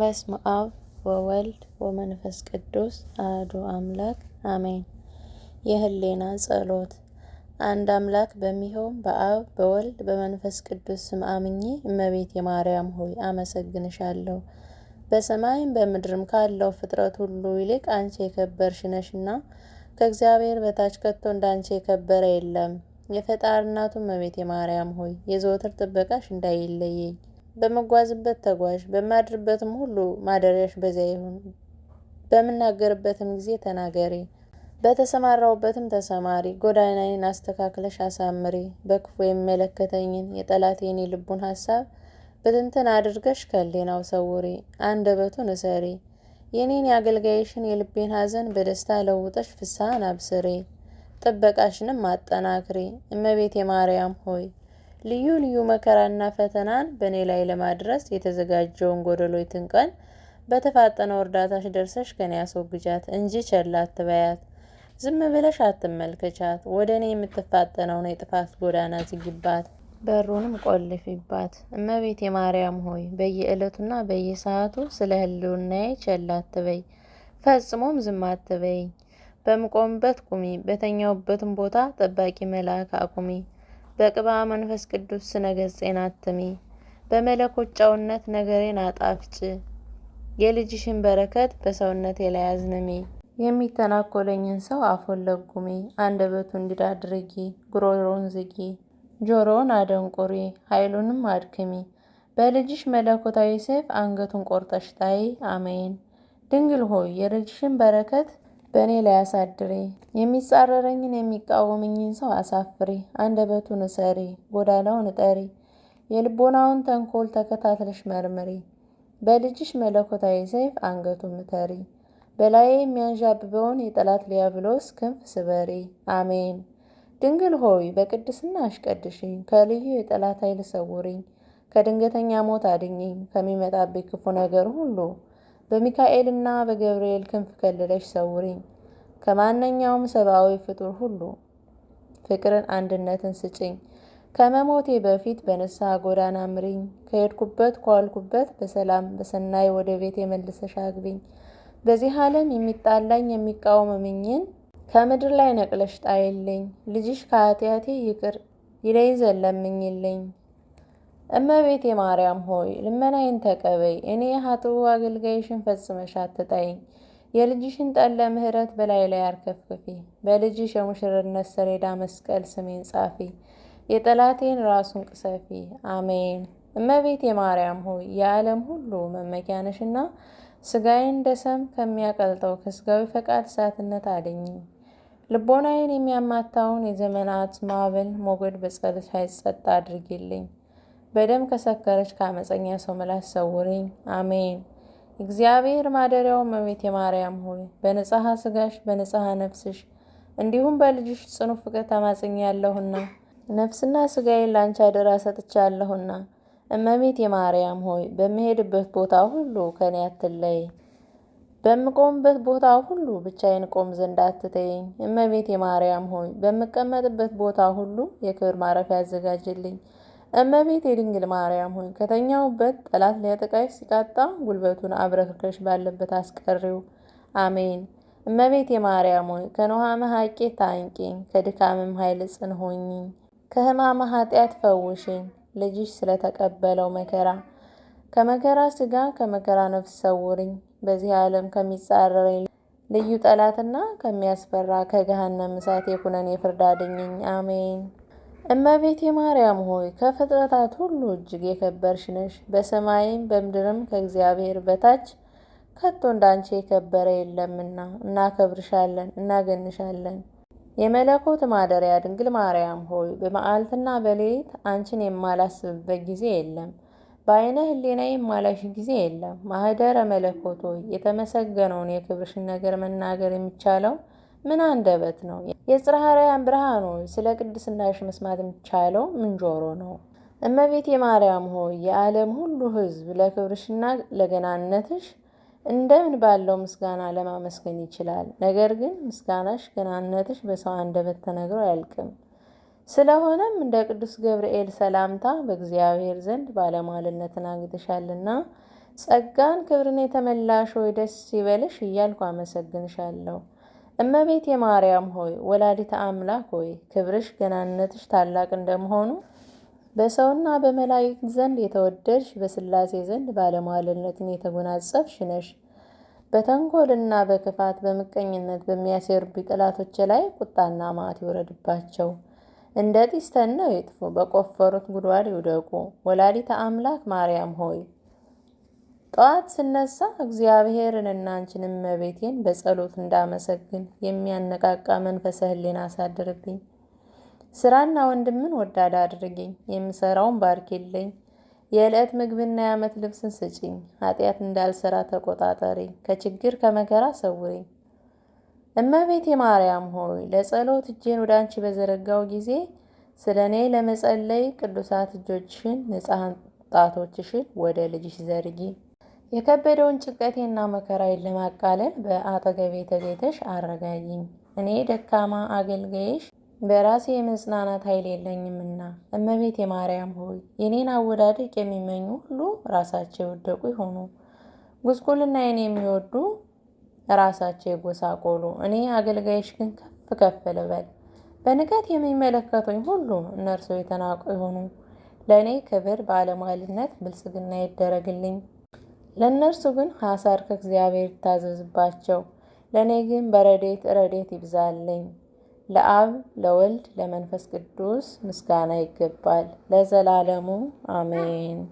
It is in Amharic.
በስመ አብ ወወልድ ወመንፈስ ቅዱስ አህዱ አምላክ አሜን። የህሌና ጸሎት። አንድ አምላክ በሚሆን በአብ በወልድ በመንፈስ ቅዱስ ስም አምኜ እመቤቴ ማርያም ሆይ አመሰግንሻለሁ። በሰማይም በምድርም ካለው ፍጥረት ሁሉ ይልቅ አንቺ የከበርሽ ነሽና ከእግዚአብሔር በታች ከቶ እንዳንቺ የከበረ የለም። የፈጣሪ እናቱ እመቤቴ ማርያም ሆይ የዘወትር ጥበቃሽ እንዳይለየኝ በመጓዝበት ተጓዥ፣ በማድርበትም ሁሉ ማደሪያሽ በዚያ ይሁን። በምናገርበትም ጊዜ ተናገሪ፣ በተሰማራውበትም ተሰማሪ። ጎዳናዬን አስተካክለሽ አሳምሪ። በክፉ የሚመለከተኝን የጠላቴን የልቡን ሀሳብ ብትንትን አድርገሽ ከሌናው ሰውሪ፣ አንደበቱን እሰሪ። የኔን የአገልጋይሽን የልቤን ሀዘን በደስታ ለውጠሽ ፍስሐን አብስሪ፣ ጥበቃሽንም አጠናክሪ። እመቤቴ ማርያም ሆይ ልዩ ልዩ መከራና ፈተናን በእኔ ላይ ለማድረስ የተዘጋጀውን ጎደሎይትን ትንቀን በተፋጠነው እርዳታሽ ደርሰሽ ከኔ አስወግጃት እንጂ ቸላ አትበያት። ዝም ብለሽ አትመልከቻት። ወደ እኔ የምትፋጠነውን የጥፋት ጎዳና ዝጊባት፣ በሩንም ቆልፊባት። እመቤቴ ማርያም ሆይ በየዕለቱና በየሰዓቱ ስለ ሕልውናዬ ቸላ አትበይ፣ ፈጽሞም ዝም አትበይኝ። በምቆምበት ቁሚ፣ በተኛውበትም ቦታ ጠባቂ መልአክ አቁሚ። በቅባ መንፈስ ቅዱስ ነገጼን አትሚ በመለኮት ጨውነት ነገሬን አጣፍጭ። የልጅሽን በረከት በሰውነቴ ላይ አዝንሚ። የሚተናኮለኝን ሰው አፎን ለጉሚ፣ አንደበቱ እንዲዳ አድርጊ፣ ጉሮሮን ዝጊ፣ ጆሮውን አደንቁሪ፣ ኃይሉንም አድክሚ። በልጅሽ መለኮታዊ ሰይፍ አንገቱን ቆርጠሽ ጣይ። አሜን። ድንግል ሆይ የልጅሽን በረከት በእኔ ላይ አሳድሬ የሚጻረረኝን የሚቃወመኝን ሰው አሳፍሬ አንደበቱን እሰሪ ጎዳናውን እጠሪ የልቦናውን ተንኮል ተከታትለሽ መርምሪ በልጅሽ መለኮታዊ ሰይፍ አንገቱን ምተሪ በላዬ የሚያንዣብበውን የጠላት ዲያብሎስ ክንፍ ስበሪ። አሜን። ድንግል ሆይ በቅድስና አሽቀድሽኝ፣ ከልዩ የጠላት ኃይል ሰውሪኝ፣ ከድንገተኛ ሞት አድኝኝ፣ ከሚመጣብኝ ክፉ ነገር ሁሉ በሚካኤልና በገብርኤል ክንፍ ከልለሽ ሰውሪኝ ከማንኛውም ሰብአዊ ፍጡር ሁሉ። ፍቅርን፣ አንድነትን ስጭኝ። ከመሞቴ በፊት በንስሐ ጎዳና ምሪኝ። ከሄድኩበት ኳልኩበት በሰላም በሰናይ ወደ ቤት የመልሰሽ አግቢኝ። በዚህ ዓለም የሚጣላኝ የሚቃወምምኝን ከምድር ላይ ነቅለሽ ጣይልኝ። ልጅሽ ከአትያቴ ይቅር ይለይ ዘለምኝልኝ። እመቤቴ ማርያም ሆይ ልመናዬን ተቀበይ። እኔ የሀጥሩ አገልጋይሽን ፈጽመሽ አትጠይኝ። የልጅሽን ጠለ ምሕረት በላይ ላይ አርከፍክፊ። በልጅሽ የሙሽርነት ሰሌዳ መስቀል ስሜን ጻፊ። የጠላቴን ራሱን ቅሰፊ። አሜን። እመቤቴ ማርያም ሆይ የዓለም ሁሉ መመኪያ ነሽና ስጋዬን እንደ ሰም ከሚያቀልጠው ከስጋዊ ፈቃድ እሳትነት አድኝ። ልቦናዬን የሚያማታውን የዘመናት ማዕበል ሞገድ በጸሎት አይጸጥ አድርጊልኝ። በደም ከሰከረች ከአመፀኛ ሰው ምላስ ሰውሪኝ። አሜን። እግዚአብሔር ማደሪያው እመቤቴ ማርያም ሆይ በንጽሐ ስጋሽ በንጽሐ ነፍስሽ እንዲሁም በልጅሽ ጽኑ ፍቅር ተማጽኝ ያለሁና ነፍስና ስጋዬን ላንቺ አደራ ሰጥቻለሁና እመቤቴ ማርያም ሆይ በምሄድበት ቦታ ሁሉ ከኔ አትለይ፣ በምቆምበት ቦታ ሁሉ ብቻዬን ቆም ዘንድ አትተይኝ። እመቤቴ ማርያም ሆይ በምቀመጥበት ቦታ ሁሉ የክብር ማረፊያ አዘጋጅልኝ። እመቤት የድንግል ማርያም ሆይ ከተኛውበት ጠላት ሊያጠቃሽ ሲቃጣ ጉልበቱን አብረክርከሽ ባለበት አስቀሪው። አሜን። እመቤት ማርያም ሆይ ከኖሃመ ሀቄ ታንቂኝ፣ ከድካምም ኃይል ጽን ሆኚኝ፣ ከህማመ ኃጢአት ፈውሽኝ። ልጅሽ ስለተቀበለው መከራ ከመከራ ስጋ ከመከራ ነፍስ ሰውርኝ። በዚህ ዓለም ከሚጻረረኝ ልዩ ጠላትና ከሚያስፈራ ከገሃነም እሳት የኩነኔ ፍርድ አድኝኝ። አሜን። እመቤቴ ማርያም ሆይ ከፍጥረታት ሁሉ እጅግ የከበርሽ ነሽ። በሰማይም በምድርም ከእግዚአብሔር በታች ከቶ እንዳንቺ የከበረ የለምና እናከብርሻለን፣ እናገንሻለን። የመለኮት ማደሪያ ድንግል ማርያም ሆይ በመዓልትና በሌሊት አንቺን የማላስብበት ጊዜ የለም። በአይነ ህሊና የማላሽ ጊዜ የለም። ማህደረ መለኮት ሆይ የተመሰገነውን የክብርሽን ነገር መናገር የሚቻለው ምን አንደበት ነው? የጽርሐርያን ብርሃኑ ስለ ቅድስናሽ መስማት የሚቻለው ምን ጆሮ ነው? እመቤቴ ማርያም ሆይ የዓለም ሁሉ ሕዝብ ለክብርሽና ለገናነትሽ እንደምን ባለው ምስጋና ለማመስገን ይችላል። ነገር ግን ምስጋናሽ፣ ገናነትሽ በሰው አንደበት ተነግሮ አያልቅም። ስለሆነም እንደ ቅዱስ ገብርኤል ሰላምታ በእግዚአብሔር ዘንድ ባለሟልነትን አግኝተሻልና ጸጋን ክብርን የተመላሽ ሆይ ደስ ይበልሽ እያልኩ አመሰግንሻለሁ። እመቤቴ ማርያም ሆይ ወላዲተ አምላክ ሆይ ክብርሽ ገናነትሽ ታላቅ እንደመሆኑ በሰውና በመላእክት ዘንድ የተወደድሽ በስላሴ ዘንድ ባለሟልነትን የተጎናጸፍሽ ነሽ። በተንኮልና በክፋት በምቀኝነት በሚያሴሩብኝ ጠላቶች ላይ ቁጣና ማት ይውረድባቸው። እንደ ይጥፉ፣ በቆፈሩት ጉድጓድ ይውደቁ። ወላዲተ አምላክ ማርያም ሆይ ጠዋት ስነሳ እግዚአብሔርን እና አንቺንም እመቤቴን በጸሎት እንዳመሰግን የሚያነቃቃ መንፈሰ ሕሊና አሳድርብኝ። ስራና ወንድምን ወዳድ አድርግኝ። የምሰራውን ባርኪልኝ። የዕለት ምግብና የዓመት ልብስን ስጪኝ። ኃጢአት እንዳልሰራ ተቆጣጠሪኝ። ከችግር ከመከራ ሰውሪኝ። እመቤቴ ማርያም ሆይ ለጸሎት እጄን ወደ አንቺ በዘረጋው ጊዜ ስለ እኔ ለመጸለይ ቅዱሳት እጆችሽን፣ ንጹሐን ጣቶችሽን ወደ ልጅሽ ዘርጊ። የከበደውን ጭንቀቴና መከራዬን ለማቃለል በአጠገቤ ተገኝተሽ አረጋጊኝ። እኔ ደካማ አገልጋይሽ በራሴ የመጽናናት ኃይል የለኝምና፣ እመቤት የማርያም ሆይ የኔን አወዳደቅ የሚመኙ ሁሉ ራሳቸው የወደቁ ይሆኑ፣ ጉስቁልናዬን የሚወዱ ራሳቸው የጎሳቆሉ፣ እኔ አገልጋይሽ ግን ከፍ ከፍ ልበል። በንቀት የሚመለከቱኝ ሁሉ እነርሱ የተናቁ ይሆኑ። ለእኔ ክብር ባለሟልነት ብልጽግና ይደረግልኝ። ለእነርሱ ግን ሐሳር ከእግዚአብሔር ይታዘዝባቸው፣ ለእኔ ግን በረዴት ረዴት ይብዛልኝ። ለአብ ለወልድ ለመንፈስ ቅዱስ ምስጋና ይገባል፣ ለዘላለሙ አሜን።